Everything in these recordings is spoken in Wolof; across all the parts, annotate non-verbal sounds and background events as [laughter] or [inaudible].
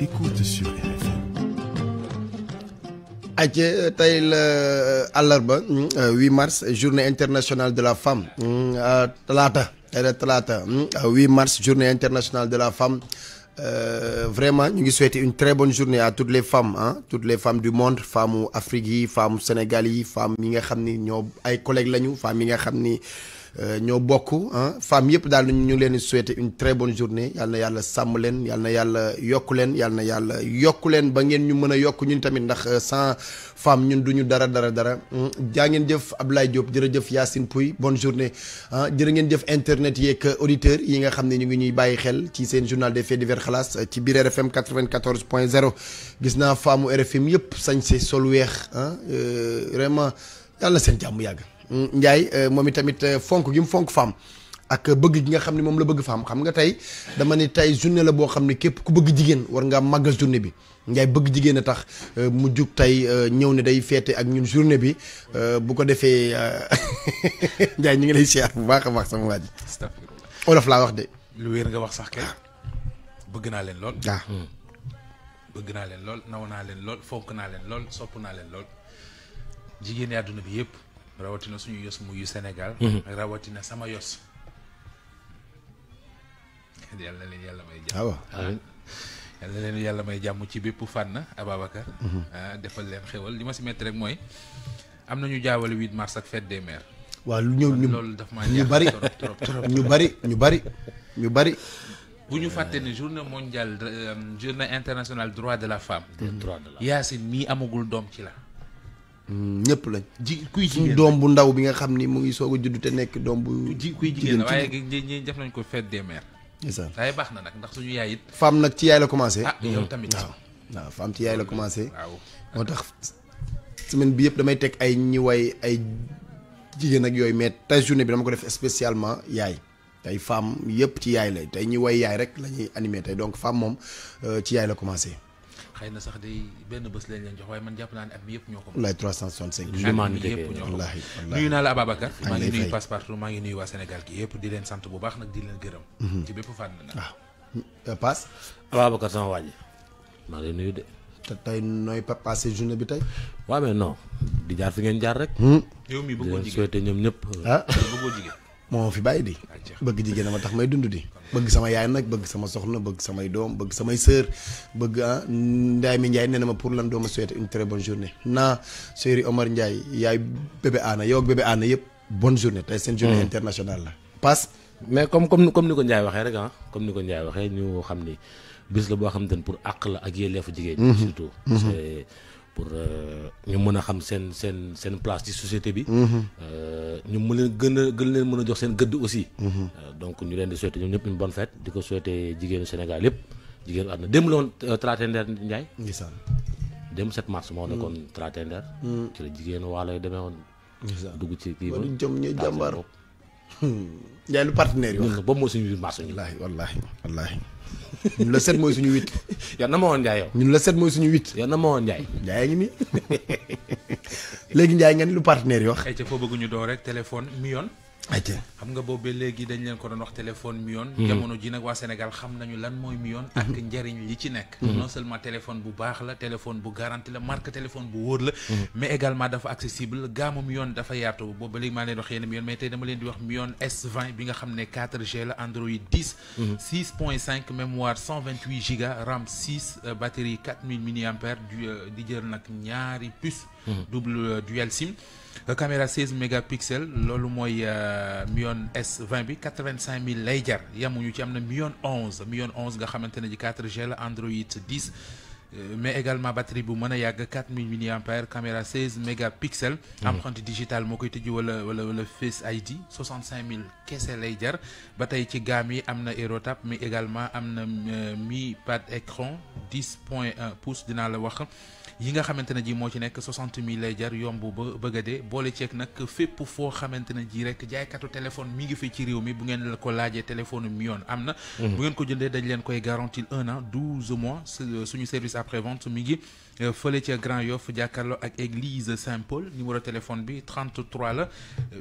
écoute sur tey la euh, àllarba 8 hmm, euh, mars journée internationale de la femme hmm, euh, talaata tey la talaata 8 hmm, mars journée internationale de la femme Euh, vraiment ñu ngi souhaiter une très bonne journée toutes les femmes ah toutes les femmes du monde femmes Afrique yi femmes Sénégal yi femmes yi nga xam ni ñoo ay collègue lañu femmes yi nga xam ni Euh, ñoo bokk ah femmes yëpp daal ñu ngi leen di souhaiter une très bonne journée yal na yàlla sàmm leen yal na yàlla yokku leen yal na yàlla yokku leen ba ngeen ñu mën a yokk ñun tamit ndax euh, sans femme ñun du ñu dara dara dara hmm. jaa ngeen jëf ab Ablaye Diop jërëjëf Yacine Pouy bon journée ah jërë ngeen jëf internet yeeg euh, auditeurs yi nga xam ne ñu ngi ñuy bàyyi xel ci seen journal des faits divers xalaas ci biir RFM 94 point 0 gis naa femmu RFM yëpp sañ se sol weex ah vraiment yàlla na seen yàgg Ndiaye euh, moom i tamit euh, fonk gi mu fonk femme ak bëgg gi nga xam ne moom la bëgg femme xam nga tey dama ne tey journée la boo xam ne képp ku bëgg jigéen war nga màggal journée bi Ndiaye bëgg jigéen a tax euh, mu jug tey ñëw ne day feete ak ñun journée bi bu ko defee [laughs] Ndiaye ñu ngi lay siyaar bu baax a baax sama waa ji. olof laa wax de. lu wér nga wax sax kay ah. bëgg naa leen lool. waaw ah. hmm. bëgg naa leen lool naw naa leen lool fonk naa leen lool sopp naa leen lool jigéen yi àdduna bi yëpp. rawatina suñu yos muy Sénégal. Mhm. rawatina sama yos. yàlla leen yàlla may jàmm. Ah, ah. yàlla may jàmm ci bépp fànn Ababacar. Mhm. Ah, defal leen xéwal li ma si métti rek mooy am na ñu jaawale 8 mars ak fête de mères. waaw lu ñëw ñu loolu daf ma ñu bari ñu bari ñu bari ñu bari. bu ñu fàtte ne journée mondiale euh, journée internationale droit de la femme. droit de la femme Yacine mii amagul doom ci la. Mm, ñëpp lañ. ji kuy jigéen doom bu ndaw bi nga xam ni mu ngi soog a judd te nekk doom bu. ji kuy jigéen waaye ñi def nañ ko fête des mères. ndeysaan waaye baax na nag ndax yaay it. femme nag ci yaay la commencé. ah yow mm-hmm. tamit waaw waaw femme ci yaay la commencé. waaw moo tax semaine bi yëpp damay teg ay ñi way ay jigéen ak yooyu mais tey journée bi dama ko def spécialement yaay. tey femme yëpp ci yaay lay tey ñi way yaay rek la ñuy animé tey donc femme moom euh, ci yaay la commencé. xëy na sax day benn bés lañ leen jox waaye man jàpp naa ne at mi yëpp ñoo ko moom. walaay 365 jours at mi yëpp ñoo ko moom nuyu naa la Ababacar. maa ngi nuyu passe partout maa ngi nuyu waa Sénégal gi yëpp di leen sant bu baax nag di leen gërëm. Mhm. ci bépp fànn nag. waaw ah. euh, passe. Ababacar sama waa ji maa ngi nuyu de. te tey nooy passé journée bi tey. waaw mais non di jaar fi ngeen jaar rek. Hmm. yow mii bëggoo di leen souhaité ñoom ñëpp. Euh, ah bëggoo jigéen. moo fi bàyyi di bëgg jigéen ma tax may dund di bëgg sama yaay nag bëgg sama soxna bëgg samay doom bëgg samay sœur bëgg ah mi Ndiaye nee na ma pour lan dooma souhaiter une très bonne journée naa chéri Omar Ndiaye yaay bébé Anna yow ak bébé Anna yëpp bonne journée hmm. la passe mais comme comme comme ni ko Ndiaye waxee rek ah comme ni ko Ndiaye waxee ñu xam ni bis la boo xam ne pour àq la ak yelleefu jigéen hmm. surtout hmm. pour euh, ñu mën a xam seen seen seen place ci société bi. Mhm. Euh, ñu mën leen gën a gën leen mën a jox seen gëdd aussi. Mhm. Euh, donc ñu leen di souhaiter ñoom ñëpp une bonne fête di ko souhaiter jigéenu Sénégal yëpp jigéenu àdduna démb la woon Tratender Ndiaye. ndeysaan démb 7 mars moo mhm. nekkoon Tratender. ci la jigéenu waalo yi demee woon. dugg ci kii ba jàmbaar Hmm. yaay lu partenaire yi wax ñun boobu mooy suñu 8 mars ñu. wallaahi wallaahi wallaahi. ñun la 7 mooy suñu 8. [laughs] yow na ma woon Ndiaye yow. ñun la 7 mooy suñu 8. yow na ma woon Ndiaye. Ndiaye ngi nii [laughs] léegi Ndiaye ngeen lu partenaire yi wax. ay ca foo bëgg ñu door rek téléphone mi yoon. xam nga boobu ba léegi dañ leen ko doon wax téléphone Mion. Hmm. jamono ji nag waa Sénégal xam nañu lan mooy Mion. ak hmm. njariñ li ci nekk. Hmm. non seulement téléphone bu baax la téléphone bu garanti la marque téléphone bu wóor la. mais également dafa accessible gaamu yoon dafa yaatu boobu ba léegi maa leen wax yéen Mion mais tey dama leen di wax Mion S20 bi nga xam ne 4G la Android 10. 6.5 mémoire 128 giga RAM 6 euh, batterie 4000 mAh euh, di jël nag ñaari puce. Mhm. double euh, dual sim euh, caméra 16 mégapixels loolu mooy euh, million S 20 bi 85000 lay jar yamuñu ci am na million 11 million 11 nga xamante ne ji 4G la Android 10 mais également batterie bu mën a yàgg 4000 mAh caméra 16 mégapixels. Mhm. empreinte digitale moo koy tëj wala wala wala Face ID 65000 kese lay jar ba tey ci gamme yi am na AeroTap mais également am na Mi Pad écran 10 point 1 pouce dinaa la wax. yi nga xamante ne ji moo ci nekk soixante mille lay jar yomb ba bëgg a dee boole ceeg nag fépp foo xamante ne ji rek jaaykatu téléphone mi ngi fi ci réew mi bu ngeen la ko laajee téléphone mi yoon am na. Mhm. bu ngeen ko jëndee dañ leen koy garantir un an douze mois euh, suñu service après vente mi ngi euh, fële ca Grand Yoff jàkkaarloo ak église Saint-Paul numéro téléphone bi 33 la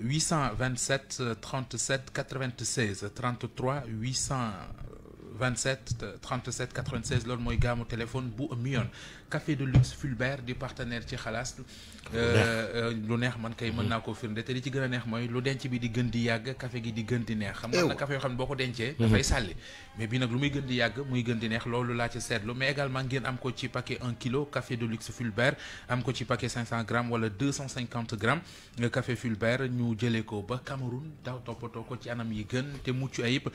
827 37 96 33 800. 27 37 96 loolu mooy gaamu téléphone bu am yoon café de luxe Fulbert di partenaire ci xalaas euh, euh, lu neex man kay mën mhm. naa ko firnde te li ci gën a neex mooy lu denc bi di gën di yàgg café gi di gën di neex xam nga na café yoo xam ne boo ko dencee mhm. dafay sàlli mais bii nag lu muy gën di yàgg muy gën di neex loolu laa ci seetlu mais également ngeen am ko ci paquet 1 kilo café de luxe Fulbert am ko ci paquet 500 grammes wala 250 grammes euh, café Fulbert ñu jëlee ko ba Cameroun daw toppatoo ko ci anam yi gën te mucc ayib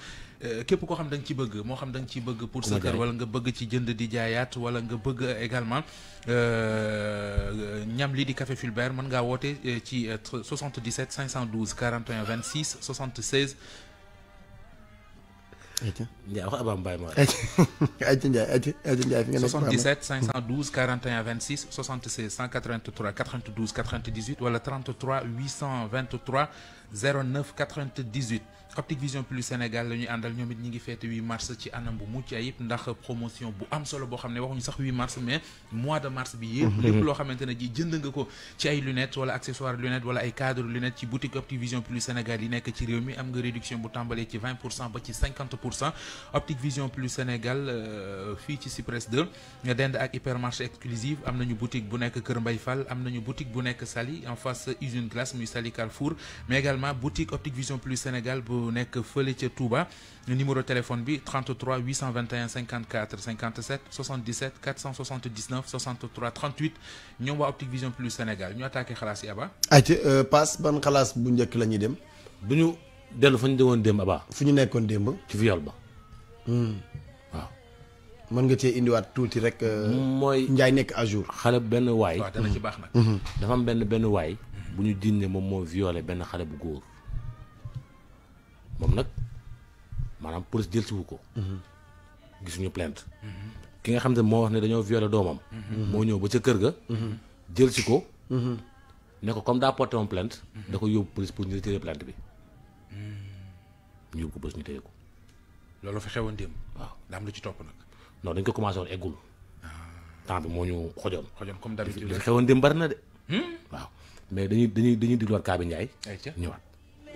Euh, képp koo xam da nga ci bëgg moo xam da nga ci bëgg pour sa kër wala nga bëgg ci jënd di jaayaat wala nga bëgg également euh, ñam lii di café Fulbert mën ngaa woote euh, ci 77 512 41 26 76 Aïcha Ndiaye wax Abba Mbaye ma. [laughs] Aïcha Ndiaye Aïcha Ndiaye fi nga nekk 77 512 41 26 76 183 92 98 wala 33 823 09 98. Optic Vision Plus Sénégal la ñuy àndal ñoom it ñi ngi feete 8 mars ci anam bu mucc ayib ndax promotion bu am solo boo xam ne waxuñu sax mars mais mois de mars bi yëpp mhm. loo xamante ne jënd nga ko ci ay lunettes wala accessoire lunettes wala ay cadre lunettes ci boutique Optic Vision Plus Sénégal yi nekk ci réew mi am nga réduction bu tàmbalee ci 20 pour cent ba ci 50 pour Vision Plus Sénégal euh, fii ci Cypress 2 nga dend ak hypermarché exclusive am nañu boutique bu nekk Kër Mbay Fall am nañu loolu nekk fële ca Touba numéro téléphone bi 33 821 54 57 77 479 63 38 ñoom waa Optique Vision Plus Sénégal ñu attaqué xalaas yi Aba. ayca euh, paas ban xalaas bu njëkk la ñuy dem. du ñu dellu fa ñu demoon démb Aba. fu ñu nekkoon démb. ci viol ba. Hmm. waaw. mën nga cee indiwaat tuuti rek. Euh, mooy njaay nekk à jour. xale benn waay. waaw dana ci baax hmm. dafa am benn benn waay. bu ñu diin ne moom moo violé benn xale bu góor. moom nag maanaam police dellusiwu ko. gisuñu plainte. ki nga xam ne moo wax ne dañoo violé doomam. moo ñëw ba ca kër ga. jël si ko. ne ko comme daa porté woon plainte. da ko yóbbu police pour ñu retiré bi. ñu yóbbu ko police ñu téye ko. loolu fa xewoon démb. waaw daa ci topp nag. non dañ ko commencé woon eggul. temps moo ñu xojoon. xojoon comme d'habitude li xewoon démb bari na de. Hmm? waaw mais dañuy dañuy dañuy digluwaat Kaabi Ndiaye. ñëwaat.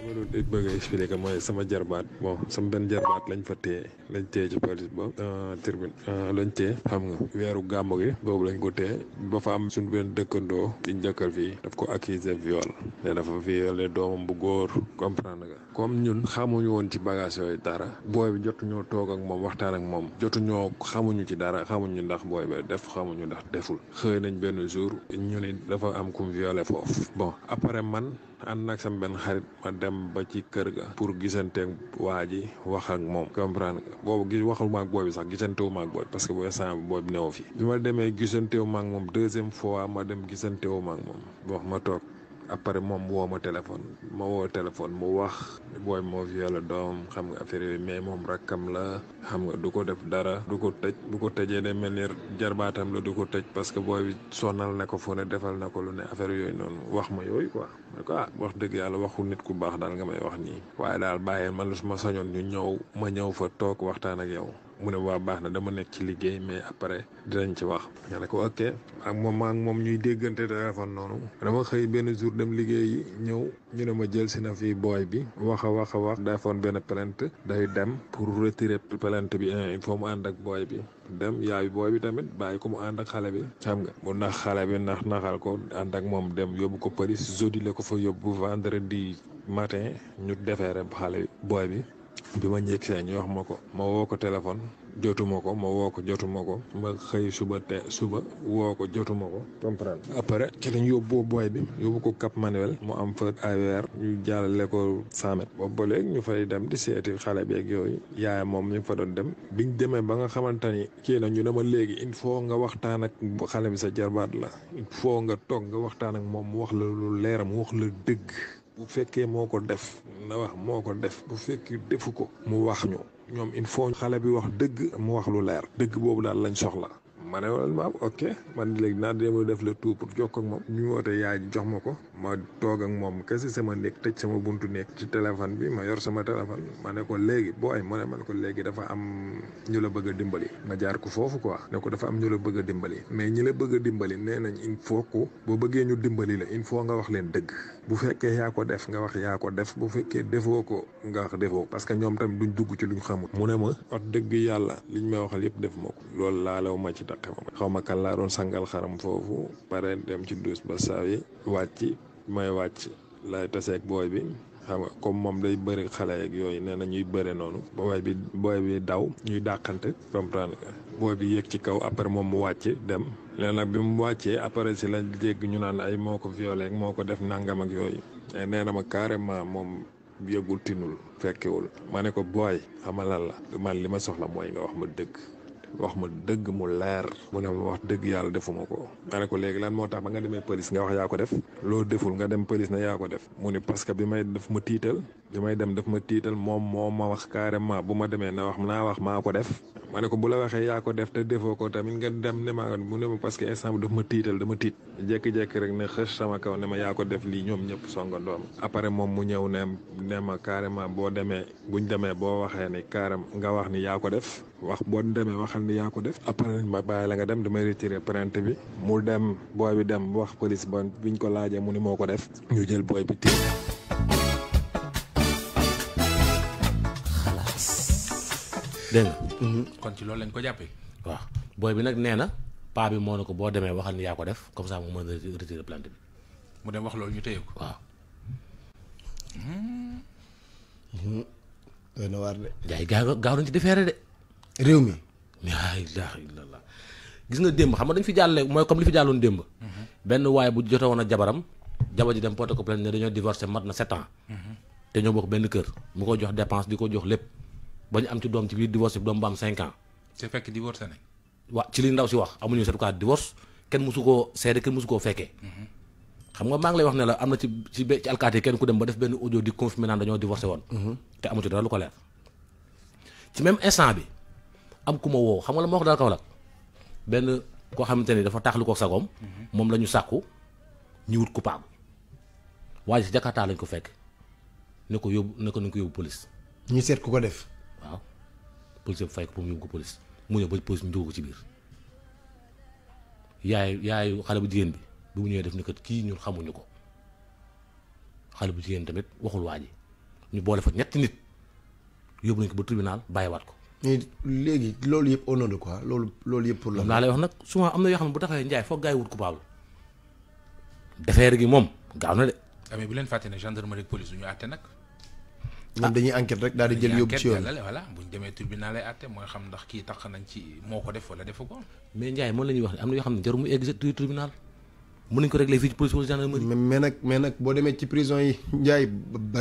ma doon mooy sama jarbaat bon sama benn jarbaat lañ fa téye lañ téye ci police ba euh, tribune euh, lañ téye xam nga weeru gàmm gi boobu lañ ko téye ba fa am suñu benn dëkkandoo liñ dëkkal fii daf ko accusé viol ne dafa violé doomam bu góor comprendre nga comme ñun xamuñu woon ci bagage yooyu dara booy bi jotuñoo toog moom waxtaan ak moom jotuñoo xamuñu ci dara xamuñu ndax booy bi def xamuñu ndax deful xëy nañ benn jour ñu ne dafa am kum violé foofu bon après man ànd nag sam benn xarit ma dem ba ci kër ga pour gisanteeg waa ji wax ak moom comprendre nga boobu gis waxuma ak booy bi sax gisantewu ma ak booy parce que booy sant booy bi newu fi ma demee gisantewu ma ak moom deuxième fois ma dem gisantewu ma ak moom wax ma toog après moom woo ma téléphone ma woo téléphone mu wax booy moo violé doom xam nga affaire mais moom rakkam la xam nga du ko def dara du ko tëj bu ko tëjee day mel ni jarbaatam la du ko tëj parce que booy bi sonal na ko fu ne defal na ko lu ne affaire yooyu noonu wax ma yooyu quoi ne ah, wax dëgg yàlla waxu nit ku baax daal nga may wax nii waaye daal bàyyeen man lu ma sañoon ñu ñëw ma ñëw fa toog waxtaan ak yow mu ne waa baax na dama nekk ci liggéey mais après nañ ci wax nga ne ko ok ak moom maa moom ñuy déggante téléphone noonu dama xëy benn jour dem liggéey ñëw ñu ne ma jël si na fii booy bi wax waxa wax a wax defoon benn plainte day dem pour retirer plainte bi il faut mu ànd ak booy bi dem yaay booy bi tamit bàyyi ko mu ànd ak xale bi xam nga mu nax xale bi nax naxal ko ànd ak moom dem yóbbu ko Paris jeudi la ko fa yóbbu vendredi matin ñu defeere xale bi booy bi bi ma njëkkee ñu wax ma ko ma woo ko téléphone jotuma ko ma woo ko jotuma ko ma xëy suba te suba woo ko jotuma ko comprendre après ci lañ yóbbu booy bi yóbbu ko Cap Manuel mu am fa AVR ñu jàllale ko 100 boobu ba ñu fay dem di seeti xale beeg yooyu yaay moom ñu fa doon dem biñ demee ba nga xamante ni kii na ñu ne ma léegi il faut nga waxtaan ak xale bi sa jarbaat la il faut nga toog nga waxtaan ak moom mu wax la lu leer mu wax la dëgg. bu fekkee moo ko def na wax moo ko def bu fekkee defu ko mu wax ñu ñoom il faut xale bi wax dëgg mu wax lu leer dëgg boobu daal lañ soxla ma ne wala maam ok man léegi naa demal def le tout pour jokkoo ak moom bi mu wootee jox ma ko ma toog ak moom kese sama néeg tëj sama buntu néeg ci téléphone bi ma yor sama téléphone ma ne ko léegi booy ma ne ma ne ko léegi dafa am ñu bëgg dimbali ma jaar ko foofu quoi ne ko dafa am ñu bëgg a dimbali mais ñi la bëgg dimbali nee nañ il faut que boo bëggee ñu dimbali la il faut nga wax leen dëgg bu fekkee yaa ko def nga wax yaa ko def bu fekkee defoo ko nga defoo parce que ñoom tamit duñ dugg ci luñ xamul mu ne ma wax dëgg yàlla liñ ma waxal yëpp def ma ko loolu laalaw ma ci tax yàq ma xaw ma kan laa doon sangal xaram foofu pare dem ci duus ba saa yi wàcc may wàcc lay taseeg booy bi xam nga comme moom day bëri xale yeeg yooyu nee na ñuy bëre noonu booy bi booy bi daw ñuy dàqante comprendre nga booy bi yéeg ci kaw après moom mu wàcc dem léegi nag bi mu wàccee après si lañ dégg ñu naan ay moo ko violé moo ko def nangam ak yooyu eh, nee na ma carrément moom yëgul tinul fekkewul ma ne ko booy xamalal la man li ma soxla mooy nga wax ma dëgg wax ma dëgg mu leer mu ne ma wax dëgg yàlla defuma ko ma ne ko léegi lan moo tax ba nga demee police nga wax yaa ko def loo deful nga dem police ne yaa ko def mu ne parce que bi may def ma tiital bi may dem daf ma tiital moom moo ma wax carrément bu ma demee na wax naa wax maa ko def ma ne ko bu la waxee yaa ko def te defoo ko tamit nga dem ne maa mu ne ma parce que instant bi ma tiital dama tiit jékki rek ne xës sama kaw ne ma yaa ko def lii ñoom ñëpp songa songandoom après moom mu ñëw ne ne ma carrément boo demee buñ demee boo waxee ne carrément nga wax ni yaa ko def wax boo demee waxal ni yaa ko def après ma bàyyi la nga dem damay retiré plainte bi mu dem booy bi dem wax police ba biñ ko laajee mu ni moo ko def ñu jël booy bi tiit dégg mhm. kon ci loolu lañ ko jàppee. waaw booy bi nag nee na paa bi moo na ko boo demee waxal ni yaa ko def comme ça mu mën a retirer plainte bi. mu dem wax loolu ñu téye ko. waaw. Mhm. doy na waar de. jaay gaaw gaaw nañ ci defeere de. réew mi. laa ilaaha illallah gis nga démb xam nga dañ fi jàlle mooy comme li fi jàlloon démb. Mhm. benn waaye bu jote woon a jabaram. jabar ji dem porté ko plainte ne dañoo divorcé mat na sept ans. te ñoo bokk benn kër. mu ko jox dépense di ko jox lépp. ba ñu am ci doom ci biir divorce bi am 5 ans. te fekk divorce nañ. waa ci li ndaw si wax amuñu certificat de divorce kenn mosu koo seede kenn mosu koo fekkee. Mhm. xam nga maa ngi lay wax ne la am na ci ci ci alkaati kenn ku dem ba def benn audio di confirmer naan dañoo divorcé woon. Mhm. te amu ci dara lu ko leer. ci même instant bi am ku ma woo xam nga la ma wax daal kaw la benn koo xamante ni dafa taaxlu ko sagoom mhm. moom la ñu sàkku ñu wut coupable waaye si Jakarta lañ ko fekk ne ko yóbbu ne ko nañ ko yóbbu ku ko def. waaw police bi fay ko pour mu yóbbu ko police mu ñëw ba police ñu dugal ko ci biir yaay yaayu xale bu jigéen bi bi mu ñëwee def ni kat kii ñu xamuñu ko xale bu jigéen tamit waxul waa ji ñu boole fa ñetti nit yóbbu nañ ko ba tribunal bàyyiwaat ko. mais léegi loolu yëpp au de quoi loolu loolu yëpp pour la. laa lay wax nag souvent am na yoo xam ne bu taxawee njaay foog gars yi wut coupable. defeere gi moom gaaw na de. amee ah, bu leen fàtte ne gendarmerie police du ñu àtte nag. ñoom ah. dañuy enquête rek daal di jël yóbbu ci yoon voilà bu ñu demee tribunal lay àtte mooy xam ndax kii tax nañ ci moo ko def wala defu ko. mais Ndiaye moom la ñuy wax ne am na yoo xam ne jarul mu egg tribunal mën nañ ko régler fii ci police wala gendarmerie. mais nag mais nag boo demee ci prison yi Ndiaye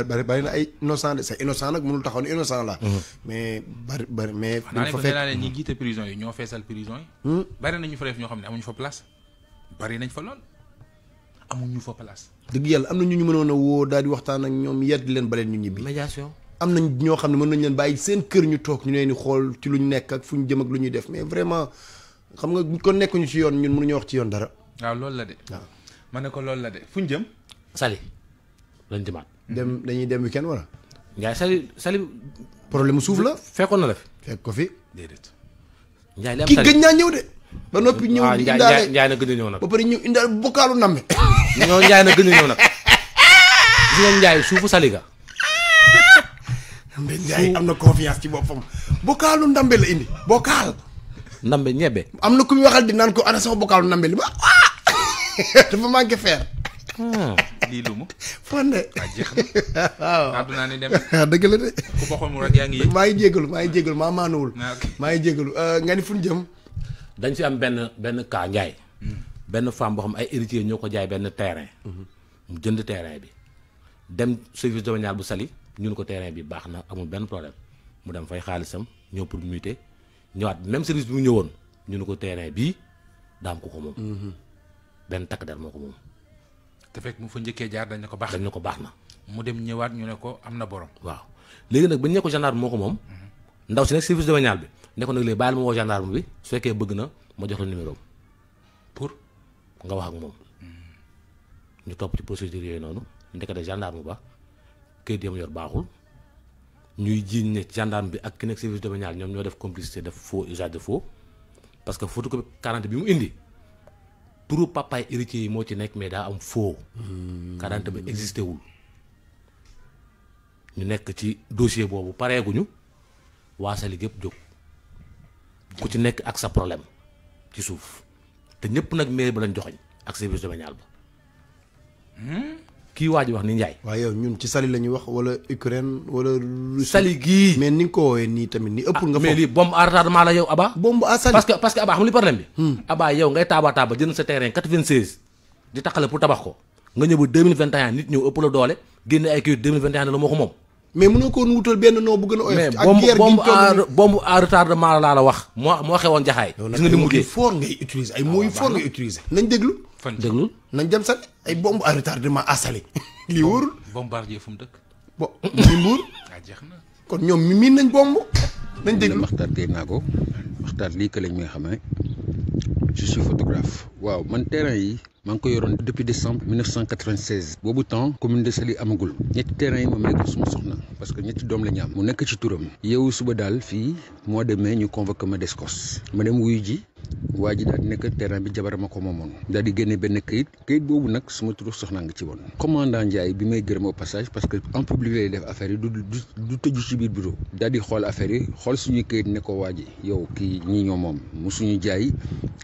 bari bari na ay innocent de c'est innocent nag mënul taxaw ni innocent la. Mhm. mais bari bari mais. dañ fa fekk naa ne ñi jiite prison yi ñoo feesal prison yi. Hmm? bari nañu fa def ñoo xam ne amuñu fa place bari nañ fa lool amuñu fa place dëgg yàlla am na ñu ñu mënoon a woo daal di waxtaan ak ñoom yedd leen baleen ñu ñibbi. am na ñoo xam ne mën nañ leen bàyyi seen kër ñu toog ñu leen di xool ci lu ñu nekk ak fu ñu jëm ak lu ñuy def mais vraiment xam nga kon nekkuñu ci yoon ñun mënuñu wax ci yoon dara. waaw loolu la de. waaw ma ne ko loolu la de fu ñu jëm. Saly lañ jëmaat. dem dañuy dem kenn wala. Ndiaye Saly Saly. problème suuf la fekkoon na la fi. fekk ko fi déedéet. li am Saly kii gëj naa ñëw de. ba noppi ñëw ah, a ñëw nag ba pare ñëw indaale bokkaalu namme [laughs] ñoo njaay na gën a nag gis nga njaay suufu saliga ndambe njaay am na confiance ci boppam bokkaalu ndambe la indi bokkaal ndambe ñebe am na ku muy waxal di naan ko ana sama bokkaalu ndambe li ba [laughs] ah. dafa manqué feer hmm. lii lu [laughs] ni dem ah, dëgg la de ku boxoon mu maa ngi jégalu maa ngi maa maanuwul maa ngi jégalu euh, nga ni fu jëm dañ si am benn benn cas njaay hmm. benn femme boo xam ay héritier ñoo ko jaay benn terrain hmm. mu jënd terrain bi dem service domanial bu sali ñun ko terrain bi baax na amul benn problème mu dem fay xaalisam ñëw pour muté ñëwaat même service bi mu ñëwoon ñun ko terrain bi daam ko ko moom hmm. benn takk der moo ko moom te fekk mu fa njëkkee jaar dañ ne ko baax dañ ko baax na mu dem ñëwaat ñu ne ko am na borom waaw léegi nag ba ñu ne ko gendarme moo ko moom ndaw si nag service domanial bi ne ko nag léegi bàyyil ma woo gendarme bi su fekkee bëgg na ma jox la numéro pour nga wax ak moom ñu topp ci procédure yooyu noonu ndekete gendarme ba kayit yam yor baaxul ñuy jiiñ ne gendarme bi ak ki nekk service domanial ñoom ñoo def complicité def faux usage de faux parce que ko quarante bi mu indi turu papaay héritier yi moo ci nekk mais daa am faux hmm. quarante bi existé wul ñu nekk ci dossier boobu pareeguñu waasali gépp jóg ku ci nekk ak sa problème ci suuf te ñëpp nag mairie ba lañ joxoñ ak service domanial ba kii waa ji wax ni Ndiaye. waaw yow ñun ci Saly la ñuy wax wala Ukraine wala. Russie Saly gii mais ni nga ko woowee nii tamit ni ëpp nga. Ah, foofu mais lii bombe à retardement la yow Aba. bombe à Saly parce que parce que Aba xam li problème bi. Hmm. Aba ngay taaba taaba jënd sa terrain 96. di taxale pour tabax ko nga ñëw ba 2021 nit ñëw ëpp la doole génne ay kii 2021 moo ko mais mënoo ko woon wutal benn noo bu gën a oyof. ak guerre gi ñu toll retardement laa la wax. moo moo xewoon jaxaay. gis nga ni mu dee fort ngay utiliser ay mots yu ah, ngay utiliser. nañ déglu fan déglu nañ dem Saly ay bombu à retardement à Saly. [laughs] lii wóorul bombardier fu mu dëkk. bon muy Mbour. Ah, jeex na kon ñoom mi miin nañ bomb. nañ déglu waxtaan dégg naa ko waxtaan lii que lañ mi nga xam ne je suis photographe waaw man terrain yi. maa ngi ko yoroon depuis décembre 1996 boobu temps commune de Saly amagul ñetti terrain yi moom nekkul suma soxna parce que ñetti doom la ñu mu nekk ci turam yeewu suba daal fii mois de mai ñu convoqué ma DSCOS ma dem wuyu ji waa ji daal di nekk terrain bi jabarama ko moomoon daal di génne benn kayit kayit boobu nag suma turu soxna nga ci woon commandant Ndiaye bi may gërëm au passage parce que en public lay def affaire yi du du du tëju ci biir bureau daal di xool affaire yi xool suñu kayit ne ko waa ji yow kii ñii ñoo moom mu suñu jaay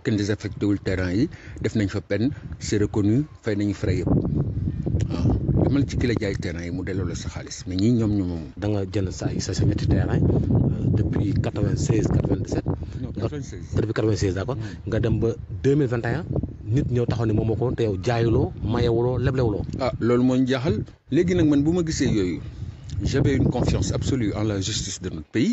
kenn désaffecté wul terrain yi def nañ fa peine c'est reconnu fay nañu frais yëpp waaw demal ci ki la jaay terrain yi mu delloo la sa xaalis mais ñii ñoo moom da nga jënd sa sa ñetti terrain euh, depuis quatre vingt 96 depuis mm. nga dem ba 2021 nit ñëw taxaw ne moom moo ko te yow jaayuloo mayewuloo leblewuloo. ah loolu moo ñu jaaxal léegi nag man bu ma gisee yooyu j'avais une confiance absolue en la justice de notre pays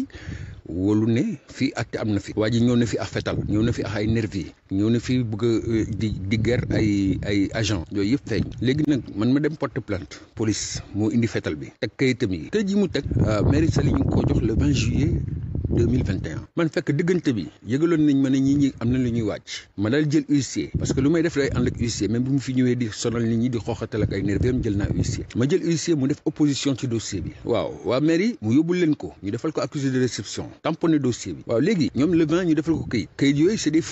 wóolu ne fii àtte am na fi. waa ji ñëw na fi ak fetal ñëw na fi ax ay nervi ñëw na fi bëgg euh, di di ger ay ay agent yooyu yëpp feeñ. léegi nag man ma dem porte plainte police moo indi fetal bi. teg kayitam yi. tey ji mu teg. Euh, mairie Saly ñu ko jox le 20 deux mille vingt et un man fekk diggante bi yëgaloon nañ ma ne ñi am nañ wàcc ma daal jël huissier parce que lu may def day ànd ak huissier même bu mu fi ñëwee di sonal nit ñi di xooxatal ak ay nerveux jël naa huissier ma jël huissier mu def opposition ci dossier bi waaw waa mairie mu yóbbul leen ko ñu defal ko accusé de réception tamponné dossier bi waaw léegi ñoom le ñu defal ko kayit yooyu c'est des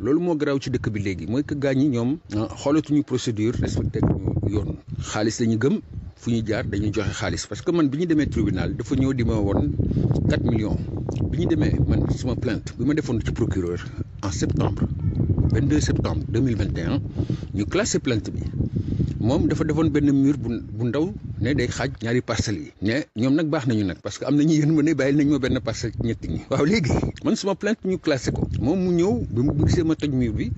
loolu moo garaaw ci dëkk bi léegi mooy que ñi ñoom ah, xoolatuñu procédure fu ñuy jaar dañuy joxe xaalis parce que man bi ñu demee tribunal dafa ñëw di ma woon 4 millions bi ñu demee man suma plainte bi ma defoon ci procureur en septembre 22 septembre 2021 ñu classé plainte bi moom dafa defoon benn miir bu bu ndaw ne day xaaj ñaari parcelles yi mais ñoom nag baax nañu nag parce que am na ñu yéen ma ne bàyyi nañ ma benn parcelle ci ñetti ñi waaw léegi man suma plainte ñu classé ko moom mu ñëw bi mu gisee ma toj mur bi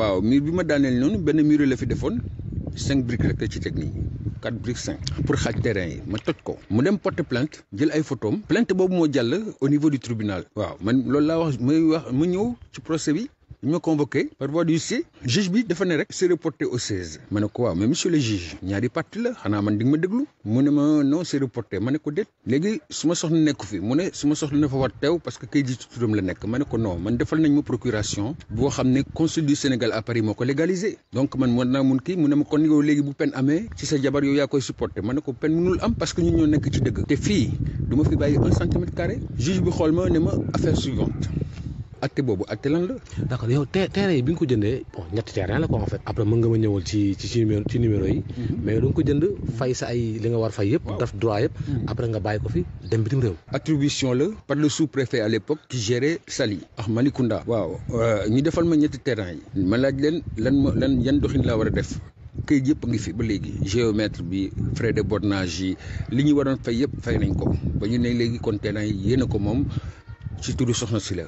waaw mur bi ma daaneel noonu benn mur la fi defoon cinq briques ci teg nii 4 briques 5 pour xaaj terrain yi ma toj ko mu dem porter plainte jël ay photos plainte boobu moo jàll au niveau du tribunal waaw man loolu laa wax muy wax mu ñëw ci procès bi ñu ma convoqué par voie d'huissier juge bi dafa ne rek c'est reporté au 16 ma ne ko waaw mais monsieur le juge ñaari parti la xanaa man di nga ma déglu mu ne ma non c'est reporté ma ne ko déet léegi su ma soxla nekku fi mu ne su ma soxla na fa war teew parce que kay ji ci la nekk ma ne ko non man defal nañ ma procuration boo xam ne consul du Sénégal à moo ko légalisé donc man mën naa mun kii mu ne ma kon yow léegi bu peine amee ci sa jabar yow yaa koy supporté ma ne ko peine mënul que ñun ñoo nekk ci dëgg te fii du fi bàyyi un centimètre carré juge bi xool ma ne ma affaire suivante acte boobu acte lan la. d' yow te terrain yi bi nga ko jëndee bon ñetti terrain la quoi en fait. après mën nga ma ñëwal ci ci ci numéro ci yi. Mm-hmm. mais du nga ko jënd fay sa ay li nga war fay yëpp. daf droit yëpp. Mm-hmm. après nga bàyyi ko fi dem bitim réew. attribution la par le sous-préfet l' époque qui gérait Saly. ak ah, waaw euh, ñu defal ma ñetti terrain yi. ma laaj leen lan ma lan yan doxin laa war a def. këyit yëpp ngi fi ba léegi géomètre bi frais de bornage yi li ñu waroon fay yëpp fay nañ ko ba ñu ne léegi kon terrain yi yéen a ko moom ci turu soxna si la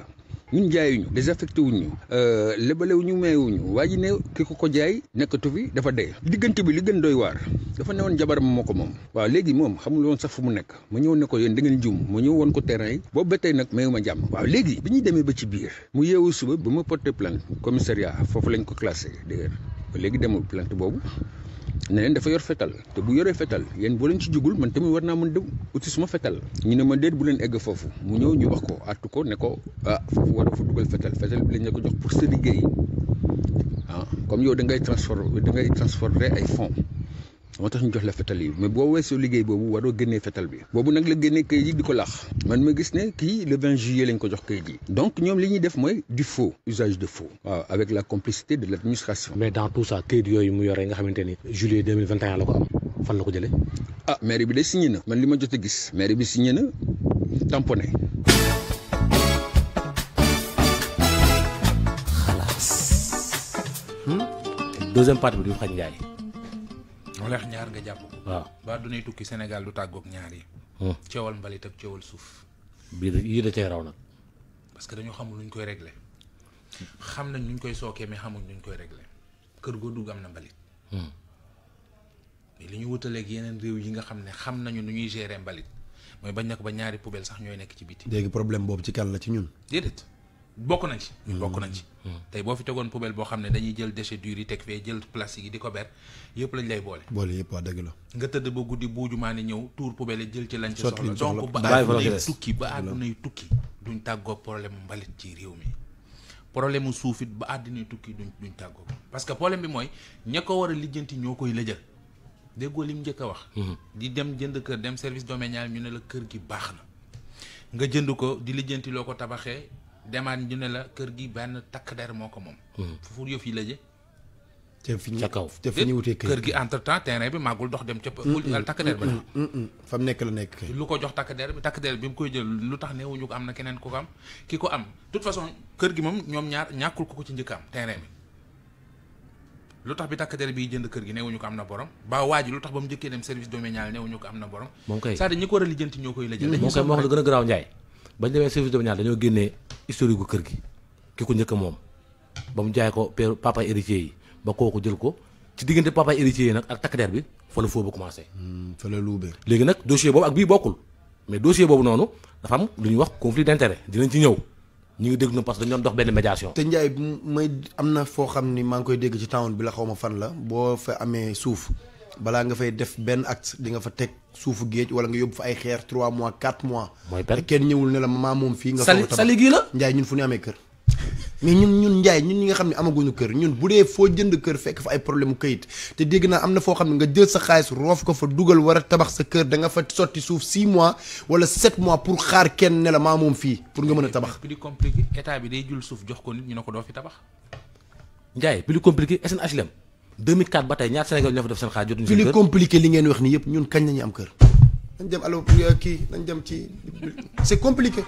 ñun jaayuñu désaffecté wuñu euh, lebalewuñu mayewuñu waa ji ne ki ko ko jaay nekkatu fi dafa dee diggante bi li gën doy waar dafa ne newoon jabaram moo ko moom waaw léegi moom xamul woon sax fu mu nekk ma ñëw ne ko yéen da ngeen jum ma ñëw woon ko terrain yi boobu ba tey nag mayu ma jàmm waaw léegi bi ñu demee ba ci biir mu yeewu suba ba ma porté plainte commissariat foofu lañ ko classé d'ailleurs léegi demul plainte boobu ne leen dafa yor fetal te bu yoree fetal yéen boo leen ci jugul man tamit war naa mën dem uti suma fetal ñu ne ma déet bu leen egg foofu mu ñëw ñu wax ko artu ko ne ko ah foofu war a fa dugal fetal fetal bi lañ la ko jox pour sa liggéey ah, comme yow da ngay transformer da ngay transformer ay fonds moo tax ñu jox la fetal yi mais boo weesoo liggéey boobu waroo génnee fetal bi boobu nag la génnee kayit di ko laax man ma gis ne kii le 20 juillet lañ ko jox kayit yi donc ñoom li ñuy def mooy du faux usage de faux waaw avec la complicité de l' administration. mais dans tout ça kayit yooyu mu yore nga xamante ni juillet 2021 la ko am fan la ko jëlee. ah maire bi de si na man li ma jot a gis maire bi si na tamponné. xalaas. Hmm? deuxième partie bi leex ñaar nga jàpp ko. waaw ba dunay tukki Sénégal du tàggook ñaar yi. Hmm. ceewal mbalit ak ceewal suuf. bii yii da raw nag. parce que dañu xamul nuñ koy régler xam nañ nuñ koy sookee mais xamuñ nuñ koy régler kër goo dugg am na mbalit. Hmm. mais li ñu wutaleeg yeneen réew yi nga xam ne xam nañu nu ñuy gérer mbalit mooy bañ na ko ba ñaari poubelle sax ñooy nekk ci biti. léegi problème boobu ci kan la ci ñun. bokk nañ ci ñun mm-hmm. bokk nañ ci mm-hmm. tey boo fi tegoon poubelle boo xam ne dañuy jël déchet dur yi teg fee jël plastique yi di ko ber yëpp lañ lay boole boole yëpp wax dëgg la nga tëdd ba guddi buuju maa ne ñëw tuur poubelle jël ci lañ ci soxla donc ba àddunay tukki ba àddunay tukki duñ tàggoo problème mbalit ci réew mi problème mu suufit ba àddunay tukki duñ duñ tàggoo parce que problème bi mooy ña ko war a lijjanti ñoo koy lëjal déggoo lim njëkk a wax mm-hmm. di dem jënd kër dem service domanial ñu ne la kër gi baax na nga jënd ko di lijjanti loo ko tabaxee demaat ñu ne la kër gi benn takk der moo ko moom. Hmm. foofu yëf yi la jë. te fi ñu kaw te fi ñu wutee kër gi entre temps terrain bi màggul dox dem ca. wul hmm, hmm, takk der nekk la nekk. lu ko jox takk der bi takk der bi mu koy jël lu tax neewuñu ko am na keneen ku ko am ki ko am toute façon kër gi moom ñoom ñaar ñàkkul ko ko ci njëkk am terrain bi. lu tax bi takk der bi jënd kër gi newuñu ko am na borom ba waa ji lu tax ba mu njëkkee dem service domanial newuñu ko am na borom. moom kay ñi ko war a lijjanti ñoo koy ba bañ demee service domanial dañoo génnee historique gu kër gi ki ko njëkk moom ba mu jaay ko père papa héritier yi ba kooku jël ko ci diggante papa héritier yi nag ak takk bi fa la foo commencé. Hmm, fa la léegi nag dossier boobu ak bii bokkul mais dossier boobu noonu dafa am lu ñuy wax conflit d'intérêt dinañ ci ñëw. ñu ngi dégg na parce que dañu doon dox benn médiation. te Ndiaye may am na foo xam ni maa ngi koy dégg ci town bi la xaw ma fan la boo fa amee suuf balaa nga fay def benn acte di nga fa teg suufu géej wala nga yóbbu fa ay xeer 3 mois 4 mois. mooy benn kenn ñëwul ne la maa moom fii. nga sali sali gii la Ndiaye ñun fu ñu amee kër. mais ñun ñun Ndiaye ñun ñi nga xam ne amaguñu kër ñun bu dee foo jënd kër fekk fa ay problème kayit te dégg naa am na foo xam ne nga jël sa xaalis roof ko fa dugal war a sa kër da nga fa sotti suuf 6 mois wala 7 mois pour xaar maa moom fii pour nga mën a tabax. plus compliqué état bi day jul suuf jox ko nit ñu ne ko doo fi tabax. Ndiaye plus compliqué SNHLM 2004 ba tey ñaar Sénégal ñoo fa def seen xaalis jotuñu seen kër. li compliqué li ngeen wax ni yëpp ñun kañ la am kër. nañ dem allo kii nañ dem ci c'est compliqué.